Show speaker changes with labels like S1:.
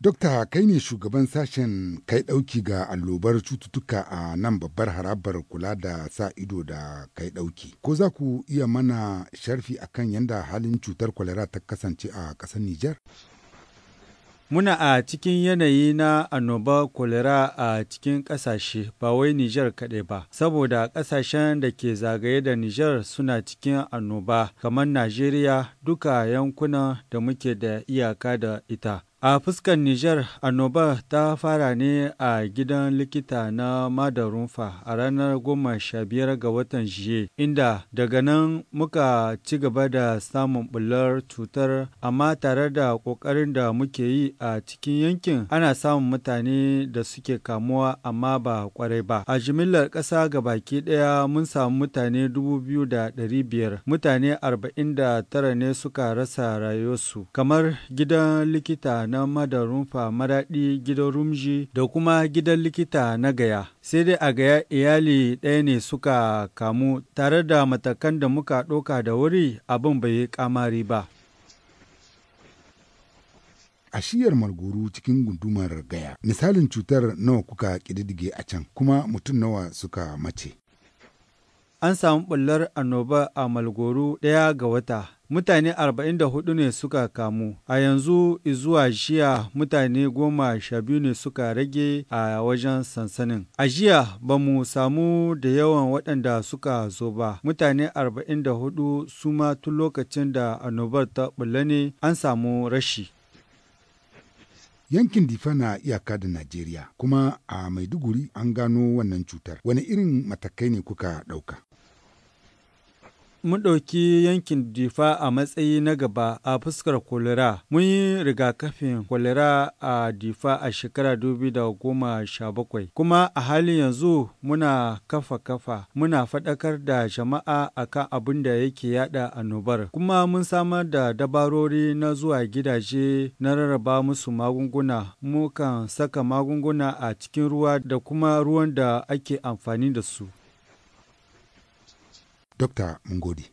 S1: Dokta kai ne shugaban sashen kai ɗauki ga allobar cututtuka a nan babbar harabar kula da sa ido da kai ɗauki. Ko za ku iya mana sharfi akan yadda halin cutar kwalera ta kasance a ƙasar Nijar?
S2: Muna a cikin yanayi na annoba kwalera a cikin ƙasashe ba wai Nijar kaɗai ba, saboda ƙasashen da ke zagaye da Nijar suna cikin annoba kamar Najeriya duka yankunan da muke da iyaka da ita. A fuskar Nijar, annobar ta fara ne a gidan likita na Madarunfa a ranar goma sha biyar ga watan jiye inda daga nan muka ci gaba da samun bular cutar, amma tare da ƙoƙarin da muke yi a cikin yankin ana samun mutane da suke kamuwa amma ba kwarai ba. A jimillar ƙasa ga baki ɗaya mun samu mutane da 2,500, mutane tara ne suka rasa rayuwarsu, kamar gidan likita na rumfa Maraɗi gidan Rumji da kuma gidan likita na Gaya. Sai dai a Gaya iyali ɗaya ne suka kamu tare da matakan da muka ɗoka da wuri abin bai yi kamari ba.
S1: a shiyar marguru cikin gundumar gaya misalin cutar nawa kuka ƙididdige a can kuma mutum nawa suka mace
S2: an samu bullar annoba a malgoro ɗaya ga wata mutane arba'in ne suka kamu a yanzu zuwa jiya mutane goma sha biyu ne suka rage a wajen sansanin a jiya ba mu samu da yawan waɗanda suka zo ba mutane arba'in da hudu su ma tun lokacin da annobar ta bulla ne an samu rashi
S1: yankin difa na iyaka da najeriya kuma a maiduguri an gano wannan cutar wani irin matakai ne kuka ɗauka
S2: Mun ɗauki yankin Difa a matsayi na gaba a fuskar kolera. Mun yi rigakafin kolera a Difa a shekara bakwai. kuma a halin yanzu muna kafa-kafa muna faɗakar da jama'a akan abin da yake yada annobar. Kuma mun samar da dabarori na zuwa gidaje na rarraba musu magunguna. Mukan saka magunguna a cikin ruwa da kuma ruwan da ake amfani da su.
S1: Dr mun gode.